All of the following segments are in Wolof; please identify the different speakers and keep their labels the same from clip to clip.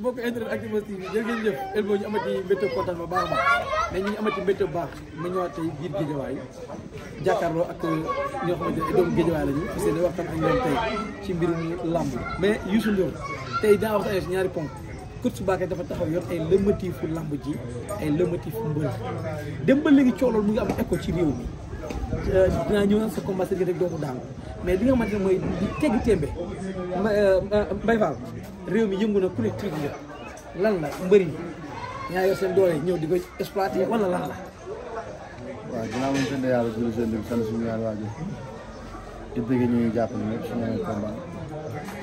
Speaker 1: mbokk internet Actubuzz TV jërë ngeen jëf Elmo ñu amati mbégte kontaan ma baax a baax ñu amati mbégte bu baax ma ñëwaat tey biir géejawaay jàkkaarloo ak euh, ñoo xamante ne doomu géejawaay lañu parce que dañu waxtaan ak ñoom tey ci mbirum làmb mais Youssou Ndour tey daa wax ay ñaari pont kër su baakee dafa taxaw yor ay lëmmatiifu làmb ji ay lëmmatiifu mbër dem ba léegi coow loolu mu ngi am écho ci réew mi. dinaa euh, ñëw sa combat Serigne rek doo ko mais bi nga xamante ne mooy di tegg témbe Mbaye euh, Fall réew mi yëngu na ku lan la mbëri ñaa yor seen doole ñëw di ko exploité wala lan la.
Speaker 2: waaw ginnaaw ma sant yàlla jërëjëf seen dëkk sant suñu di bëgg ñu jàpp jàppale nag suñu ay combat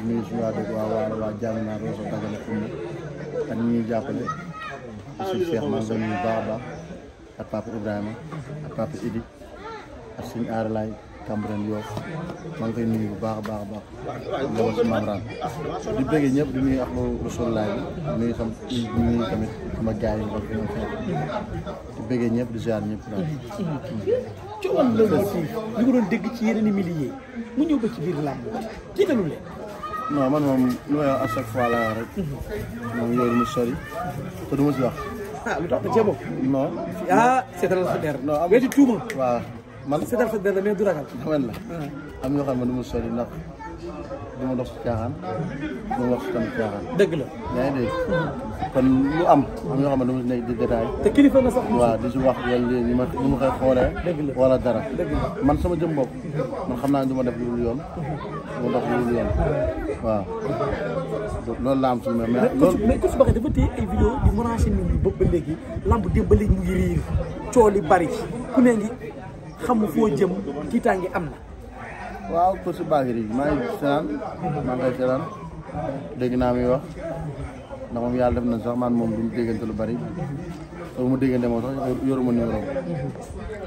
Speaker 2: nuyu suñu waa dëkk waa waa waa jàng naa Roso Dagana Koungheul ak ñi ñuy jàppale
Speaker 3: di suñu Cheikh maa ngi doon nuyu a
Speaker 2: baax ak papa Ibrahima ak papa Idi. ak suñu aaralaay Cambérène Yoff maa ngi koy nuyu bu baax a a baax lool si Mamran
Speaker 3: di bëggee ñëpp di
Speaker 2: nuyu ak Rasulullah bi nuyu tam nuyu tamit sama gaay yi di ci yeneen i milliers mu ci biir làmb jiitalu leen. non man moom lu may wax à chaque fois laa rek. moom yooyu mu sori te du ma ci wax. ah lu tax da cee bokk. non. ah tuuma. man seetal sa dënn mais du ragal. man la ah. am ñoo xam ne du ma sori ndax du ma dox si caaxaan du ma wax si caaxaan. dëgg la yaa ngi dégg. Ah. kon lu am am xam ne du ma nekk di détail. waaw di si wax yàlla li ma li ma koy xoolee. dëgg la wala dara. dëgg man sama jëm bopp. man xam naa ne du ma def lu dul yoon. Ah. du dox lu dul yoon waaw. loolu la am suñu mais. loolu mais ku si waxee dafa téye ay
Speaker 1: vidéo di maraîcher nit ñi ba léegi lamb démb ba léegi mu ngi riir
Speaker 2: bari ku ne ngi. xamu foo jëm tiitaange am na. waaw course Bakary maa ngi seetaan maa ngi koy dégg naa muy wax ndax moom yàlla def na sax man moom duñu déggante lu bari loolu mu déggante moo sax yoruma numéro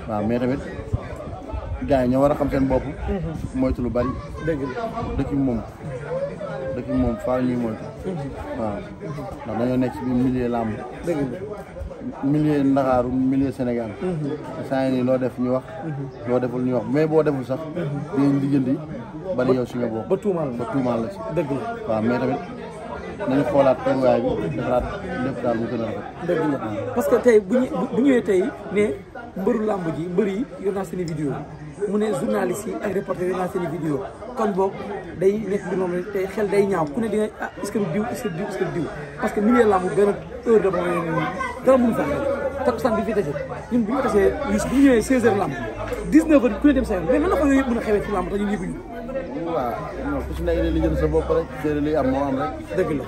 Speaker 2: waaw mais tamit gars yi ñoo war a xam seen bopp. moytu lu bari. dëgg la dëkk bi moom dëkk moom faa ñuy moytu. waaw ndax dañoo nekk ci biir milieu làmb. milieu Ndakaaru milieu Sénégal saa yi nii loo def ñu wax loo deful ñu wax mais boo deful sax dinañ liggéeyanti ba ne yow si nga bokk ba tuumaal ba tuumaal la si dëgg la waaw mais tamit nañu xoolaat toogaay bi a rafet parce que tey bu ñu bu ñëwee tey ne
Speaker 1: mbëru làmb ji mbër yi yor naa seen i vidéo mu ne journaliste yi ak reporter yor naa seen i vidéo boog day nekk mbir moom tey xel day ñaaw ku ne di ah est-ce que diw est-ce diw parce que milieu làmb benn heure de moom dara mënu fa takkusaan bi fi dese ñun bu ñu tasee yus bu ñu ñëwee 16 heures lamb 19 heures ku ne dem sa yoon mais mën na ko yooyu yëpp mën a xewee ci lamb te ñun yëguñu
Speaker 2: waaw non ku si nekk li jënd sa bopp rek seede li am moo am rek. dëgg la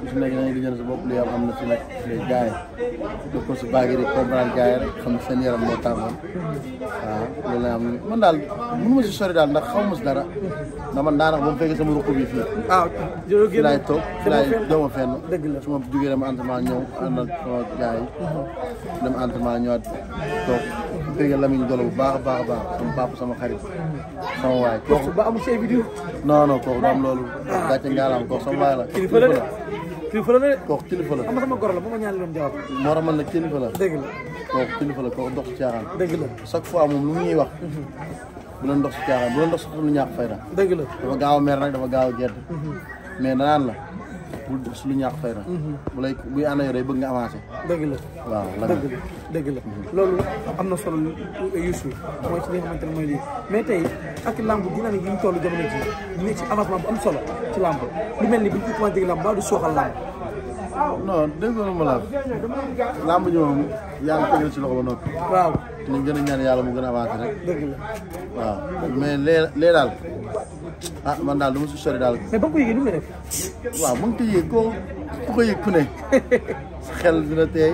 Speaker 2: ku si nekk li jënd sa bopp li am am na si nag les gars yi def ko si baagi di comprendre gars yi rek xam seen yaram moo tàmmoon waaw loolu la am man daal mënu ma si sori daal ndax xaw ma si dara ndax man daanaka ba mu fekkee sama ruq bi fii. ah jërëjëf fi laay toog fi laay doomu fenn. dëgg la su ma jugee dem entraînement ñëw àndal sama gars yi mhm. dem entraînement ñëwaat toog. bëgg a Dolo bu baax a baax a baax sama papa sama xarit sama waay kooku ba amul say vidéo non non kooku da am loolu a ngaalaam kooku sama waay la kilifa la kilifa la de la am sama gor la moom ma ñaan loon jawab moo tax man la kilifa la la kooku kilifa la caaxaan chaque fois moom lu mu ñuy wax mhm. bu leen dox ci caaxaan bu leen dox ci lu ñàkk fayda dëgg la dafa gaaw a mer nag dafa gaaw a gedd mhm. mais danaan la bul su lu ñaax fay na mhm. bu lay buy ànd yow day bëgg nga avancé dëgg la waaw dëgg la mhm.
Speaker 1: am na solo Youssou mooy ci li nga xamante mooy lii mais tey ak lamb dynamique yi ñu toll jamono ji ne ci avancement bu am mel ni bu ñu ko commencé dégg lamb ba du sooxal lamb
Speaker 2: non déggoon ma la lamb ji moom yàlla tegal ci loxo ba noppi waaw ñu gën a ñaan yàlla mu gën a avancé rek dëgg la waaw mais lee lee daal ah man daal lu ma si sori daal. mais ba nga ko yëgee nu mu def. waaw mu ngi ko yëg koo ku ko yëg ku ne. sa xel dina teey.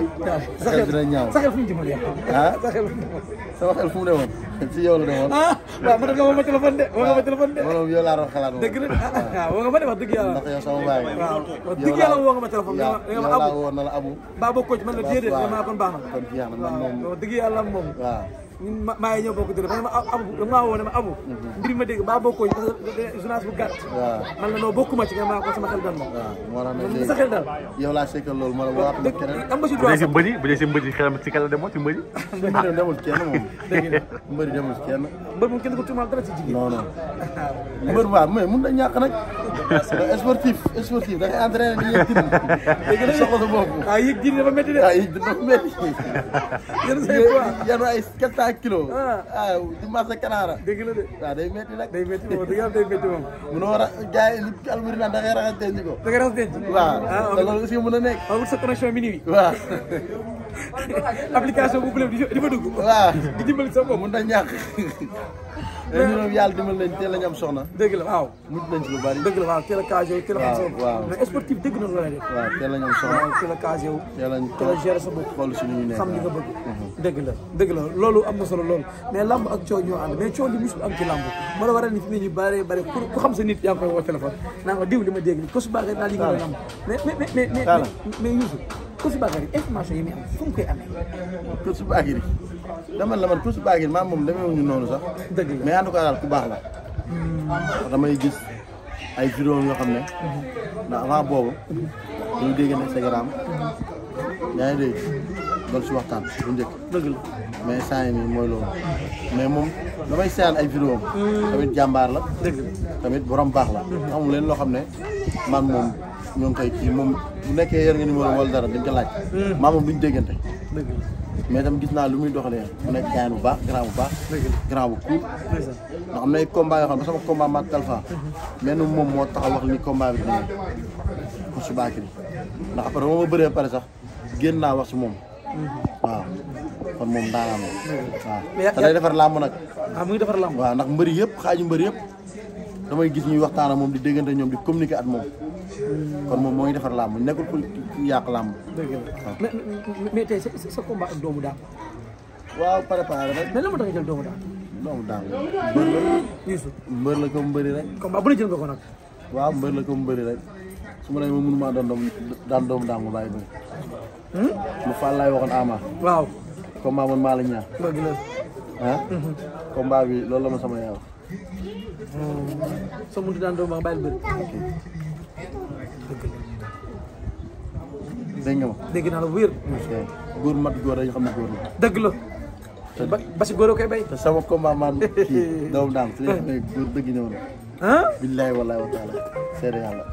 Speaker 2: sa xel dina ñaaw sa xel fu mu jëmal yow. ah sa xel fu mu demoon. sama xel fu mu demoon si yow la demoon. ah waaw man de nga woo ma téléphone de woo nga ma téléphone de. moom yow laa doon xalaat moom. dëgg la ah woo nga ma de wax dëgg yàlla. ndax yow sama baay. waaw wax dëgg yàlla woo nga ma téléphone. yow yow laa woo na la abu. baa bokkoo ci man la déedéet. waaw waaw kon baax na. kon jeex na man moom. wax dëgg yàlla
Speaker 1: moom waaw. ñun ma maa ngi ñëw bokk dëgg ba ne ma amu da maa woo ne ma amu. Mhm. mbir ma dégg ba bokkoo parce que journaliste bu gàtt. waaw man la noo bokkuma ci nga maa ko sama xel dal ma.
Speaker 2: waaw moo tax sa xel dal. yow laa sekkal loolu ma la waat ma keneen.
Speaker 1: am ba si droit bu
Speaker 2: dee si mbëri bu dee si mbëri xelam si kala demoo si mbëri. mbëri demul kenn moom. dëgg la mbëri demul kenn. mbër moom kenn ko tuumaal dara ci jigéen. non non mbër waaw mais mun na ñàkk nag. sportif sportif da ngay entraîné di yëg dindi. dégg nga soxla sa bopp. waaw ah, yëg dindi dafa métti de. waaw ah, yëg dindi dafa métti. cent kilos. ah, ah di marché Kanaara. dëgg la de waaw ah, day métti nag. day métti moom dëgg yàlla day métti moom. munoo war a gars yi li almuri naan da ngay raxas denc ko. da ngay raxas denc. waaw ah, te loolu aussi mën na nekk. waaw wut sa connexion bi nii. waaw. application bu bële di fa dugg. waaw di dimbali sa bopp. mën na ñàkk. mais ñu doon yàlla dimbali a ñu am soxna. dëgg la waaw. mujj nañ ci lu bari. dëgg la waaw teel a casé wu teel a. waaw waaw mais na a
Speaker 1: ñu am soxna. waaw teel a bëgg. Mhm. dëgg la loolu am na loolu mais lamb ak coow ñoo ànd mais coow li am ci lamb moo la fi ne bare ku xam sa yaa ngi koy woo naa diw li ma ko su baaxee naa li nga lamb
Speaker 2: mais mais Coutu Bakary information yi muy am fu mu koy amee. Coutu Bakary dama la man Coutu Bakary maa noonu sax. dëgg mais en tout cas ku baax la.
Speaker 3: Hmm.
Speaker 2: damay gis ay vidéo yoo xam ne. Hmm. ndax avant boobu. dañu hmm. dégg ne Instagram. yaa ngi dégg si waxtaan bu njëkk. dëgg la mais saa mooy loolu. mais moom damay seeyaan ay vidéo tamit jàmbaar la. dëgg la tamit borom baax la. amul leen loo xam ne man moom. ñoom tey ci moom bu nekkee yor nga numéro wala dara dañ ko laaj. Hmm. maa moom duñ déggante. mais itam gis naa lu muy doxalee mu nekk gaañ bu baax grand bu baax. grand bu cool. ndax am na ay combat yoo xam ne hmm. moom moo taxaw wax ni combat bi dinañ ko subaa ndax ma bëree pare sax génn naa wax si moom.
Speaker 3: Hmm.
Speaker 2: waaw kon moom daanaka moom. waaw te day defar làmb nag. ah muy defar làmb. waaw ndax mbëri yëpp xaaju mbëri yëpp damay gis ñuy waxtaan ak moom di déggante ñoom di communiquer at moom. kon moom moo ngi defar làmb nekkul ku yàq làmb. dëgg la
Speaker 1: mais tey sa sa combat doomu daal.
Speaker 2: waaw préparé rek. mais lan moo tax jël doomu daal. doomu daal mbër la. Youssou mbër la comme mbëri rek. jël su ma nee ma mënumaa daan doomu daan doomu daal ma bàyyi bëri. lu hmm? Fall laay waxoon Ama. waaw. combat man maa la ñaar. Hmm. bi loolu la ma sama yaay wax. Hmm.
Speaker 1: soo mënut daan doomu daal bëri.
Speaker 2: dégg nga ma dégg naa la wér. góor mat góor dañu xam ne góor dëgg ba si góor a koy bay. te sama combat man kii doomu daam si xam ne góor dëgg ñëw na. ah. billahi wallahi wa taala seede yàlla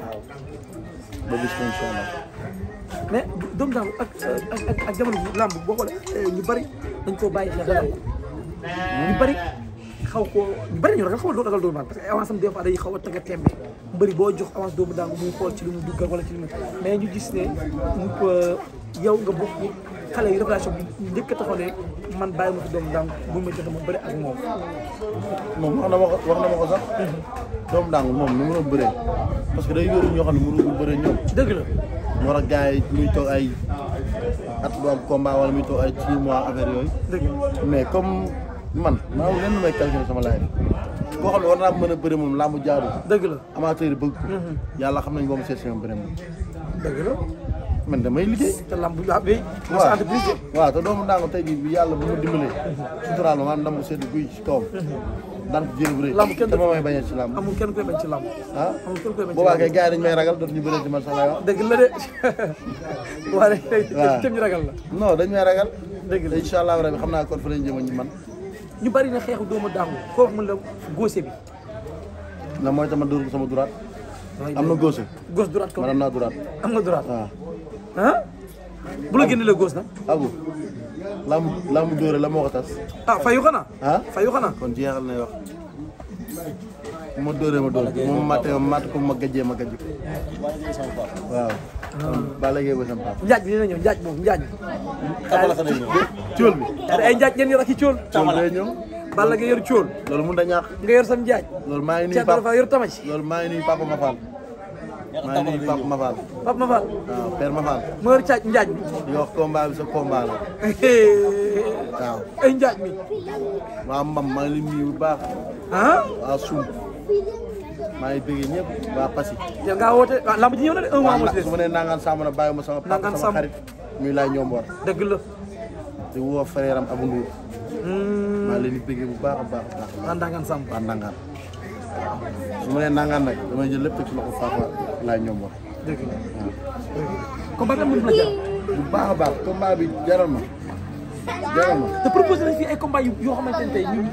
Speaker 2: waaw. ba bis ko incha allah.
Speaker 1: mais doomu daam ak ak ak jamono bi làmb boo xoolee eh, ñu bari dañ koo bàyyi xel xaw koo ñu bari ñu ragal xaw a doon ragal doomu daam parce que xaw a tëgg mbëri boo jox avance doomu daangu muy xool ci lu mu duggal wala ci lu mu mais ñu gis ne mu euh, yow nga bokk xale yi bi njëkk a taxaw ne
Speaker 2: man bàyyi ma fi doomu ma joxe ma bëri ak moom.
Speaker 1: moom wax ma ko wax
Speaker 2: na ma mhm. moom nu mu doon parce que day yóoru ñoo xam ne mënul bëree ñoom. dëgg la. moo tax muy toog ay at bu am combat wala muy toog ay 6 mois affaire yooyu. mais comme. man maa ngi leen may calculer sama laaj koo xam ne bëri moom laa mu jaaru dëgg la amateur bëgg ko mhm. yàlla xam nañ boo ma seet si moom beneen dëgg la man damay liggéey te lamb bi tey jii yàlla mhm. ma maanaam ndam seet guy ci toom mhm. daan ko jël bu rëy lamb kenn te moom may bañee ci lamb amul koy bañ ci lamb ah amul kenn koy bañ boobaa kay gars dañ may ragal dootu ñu bëree ci man sax lay la de waaye tey ñu ragal la dañ may ragal dëgg la incha allah rabbi xam naa kon fa lañ man ñu bari na xeexu doomu daangu koo mun la góose bi. na mooy tamit dóor sama duraat. am na góose. góos duraat kaw man am naa duraat. am nga duraat waaw. ah. bu la génne la góos nag. abu laa mu laa mu dóore la moo ko tas. ah fayu xanaa. ah fayu xanaa. kon na wax. ma dóoree ma dóor moom ma matt ko ma gajjee ma gajj waaw. Balla Gaye ba sama papa.
Speaker 1: Njaaj bi dina ñëw Njaaj moom Njaaj. xamal ko dinañ
Speaker 2: ñëw bi. ay
Speaker 1: Njaaj ngeen yor ak i Thiol. Thiol day ñëw. Balla Gaye yor Thiol. loolu mu da ñàkk. nga yor sam Njaaj. loolu maa ngi nuyu papa
Speaker 2: Thierno yor Tamaj. loolu maa ngi nuyu papa Mafal. maa ngi nuyu yor Thiaj Njaaj bi. di wax combat bi sa combat la. Njaaj mi. waa Mbam maa ngi lay nuyu bu baax. Ah? waa Soum. maa ngi bëggee ñëpp waa Passy. yow ngaa ñëw na de un mois moo ci des. su nangaan sàmm na bàyyi ma sama. sama xarit muy laay ñomboor. dëgg la. di woo frère am Abou a a baax. waa nangaan sàmm waa nangaan. ma nee nangaan nag damay jël lépp ci loxo Fafa laay ñomboor. dëgg la combat bi amul la jaral. bu baax a baax combat bi jaral ma jaral ma. te
Speaker 1: proposé nañ fi ay combat yoo xamante ne tey ñun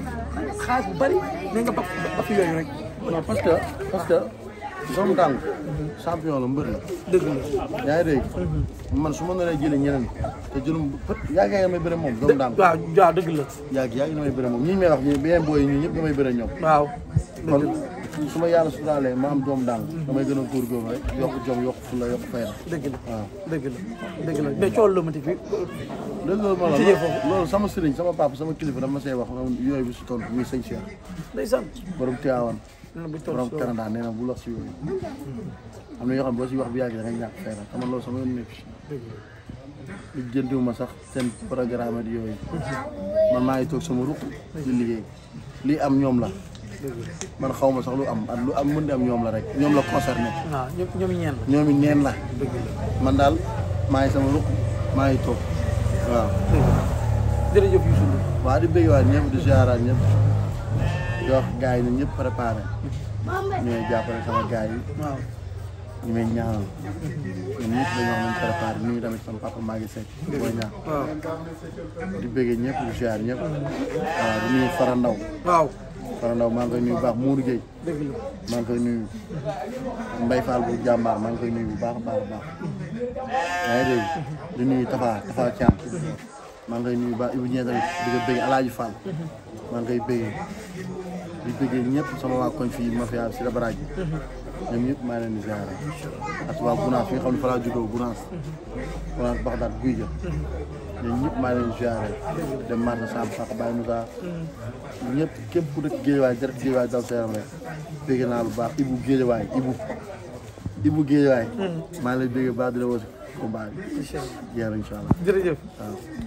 Speaker 1: bu bari nee nga ba
Speaker 2: yooyu rek. non parce que parce que Zom Dang champion la mbër la mhm. dëgg la yaa ngi man su ma nar a jëlee ñeneen te jëlum pët yàgg yàgg may bëre moom Zom Dang waaw waaw dëgg la yàgg yàgg damay bëre moom ñi may wax ñi beneen booy ñi ñëpp damay bëre ñoom waaw su ma yàlla sutaalee ma am Zom Dang damay gën a góorgóorlu rek yokk jom yokk fula yokk fayda dëgg la waaw dëgg la dëgg la mais coow la ma fi léegi loolu ma la loolu sama sëriñ sama papa sama kilifa dama say wax yooyu bi su tontu muy sëñ Cheikh ndeysaan borom Tiwaawan borom Canada nee bu wax si yooyu am na yoo boo si wax bu yàgg da ngay ñàkk feera sama loolu sama nekk si li ma sax seen programme di yooyu man maa ngi toog sama ruq di liggéey lii am ñoom la man xaw ma sax lu am ak lu am mën di am ñoom la rek ñoom la concerné ah, ñoom ñeen la ñoom ñeen la man daal maa ngi sama ruq maa ngi toog waaw jërëjëf Youssou waaw di bëgg waa ñëpp di ziaraat ñëpp di wax gars yi ñun ñëpp préparé
Speaker 3: ñu ngi jàppale sama gars
Speaker 2: yi. waaw ñu may ñaanal ñun ñëpp dañoo ñu ngi tamit sama papa maa ngi di bëggee ñëpp di ziar ñëpp. waaw di nuyu Farandaw. Farandaw maa ngi koy nuyu bu baax Mourou Gueye. maa ngi koy nuyu Mbaye Fall bu jàmbaar maa ngi koy nuyu bu baax a baax a baax. yaa ngi dégg di maa ngi koy nuyu maa ngi koy bëggee. di bëggee ñëpp sama waa koñ fii mafia si la baraaj bi mhm. ñoom ñëpp maa leen di ziara ak waa Gunaas fi nga xam ne fa laa jógee Gunaas mhm. Gunaas Baxdaad guy jë mhm. ñoom ñëpp maa leen di ziara dem marché Sam Sakho Baye Moussa ñëpp képp ku dëkk Géejawaay jërëjëf Géejawaay daw seeram rek bëggee naa lu baax Ibu Géejawaay Ibu Ibu maa ngi lay bëggee baax di la woo si combat bi incha
Speaker 1: allah